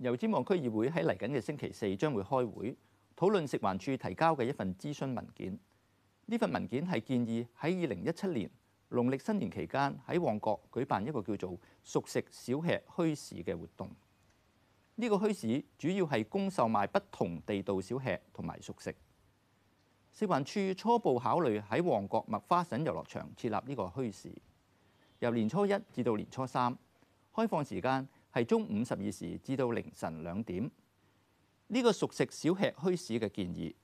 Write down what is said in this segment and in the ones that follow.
油尖旺區議會喺嚟緊嘅星期四將會開會討論食環署提交嘅一份諮詢文件。呢份文件係建議喺二零一七年農曆新年期間喺旺角舉辦一個叫做熟食小吃墟市嘅活動。呢、這個墟市主要係供售賣不同地道小吃同埋熟食。食環署初步考慮喺旺角麥花臣遊樂場設立呢個墟市，由年初一至到年初三開放時間係中午十二時至到凌晨兩點，呢個熟食小吃墟市嘅建議，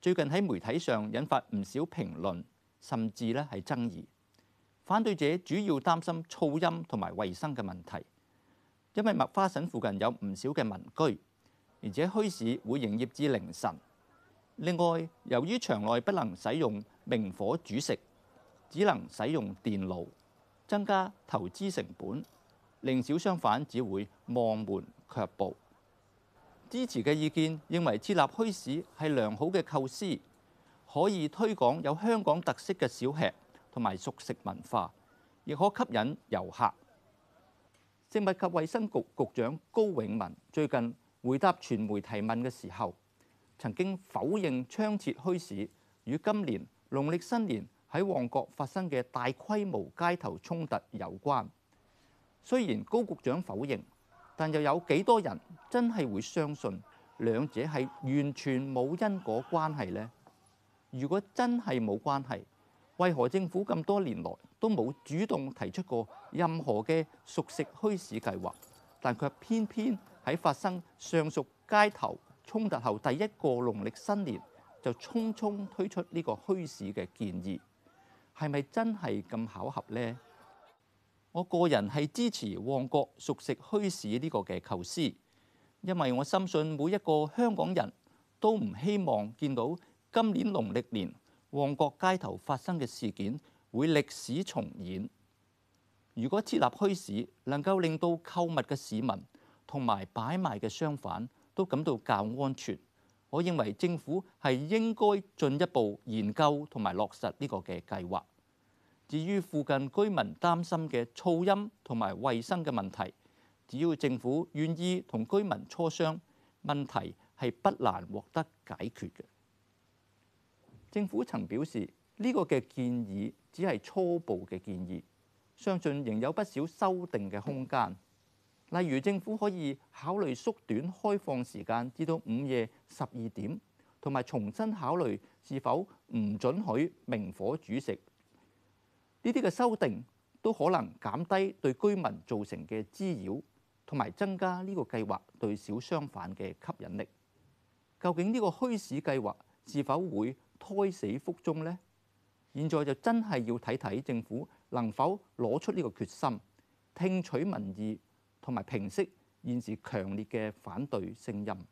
最近喺媒體上引發唔少評論，甚至咧係爭議。反對者主要擔心噪音同埋衞生嘅問題，因為麥花臣附近有唔少嘅民居，而且墟市會營業至凌晨。另外，由於場內不能使用明火煮食，只能使用電爐，增加投資成本。令小商販只會望門卻步。支持嘅意見認為設立墟市係良好嘅構思，可以推廣有香港特色嘅小吃同埋熟食文化，亦可吸引遊客。食物及衞生局局長高永文最近回答傳媒提問嘅時候，曾經否認創設墟市與今年農曆新年喺旺角發生嘅大規模街頭衝突有關。雖然高局長否認，但又有幾多人真係會相信兩者係完全冇因果關係呢？如果真係冇關係，為何政府咁多年來都冇主動提出過任何嘅熟食墟市計劃，但卻偏偏喺發生上述街頭衝突後第一個農曆新年就匆匆推出呢個墟市嘅建議，係咪真係咁巧合呢？我個人係支持旺角熟食墟市呢個嘅構思，因為我深信每一個香港人都唔希望見到今年農曆年旺角街頭發生嘅事件會歷史重演。如果設立墟市能夠令到購物嘅市民同埋擺賣嘅商販都感到較安全，我認為政府係應該進一步研究同埋落實呢個嘅計劃。至於附近居民擔心嘅噪音同埋衞生嘅問題，只要政府願意同居民磋商，問題係不難獲得解決嘅。政府曾表示呢個嘅建議只係初步嘅建議，相信仍有不少修訂嘅空間。例如，政府可以考慮縮短開放時間至到午夜十二點，同埋重新考慮是否唔准許明火煮食。呢啲嘅修訂都可能減低對居民造成嘅滋擾，同埋增加呢個計劃對小商販嘅吸引力。究竟呢個墟市計劃是否會胎死腹中呢？現在就真係要睇睇政府能否攞出呢個決心，聽取民意，同埋平息現時強烈嘅反對聲音。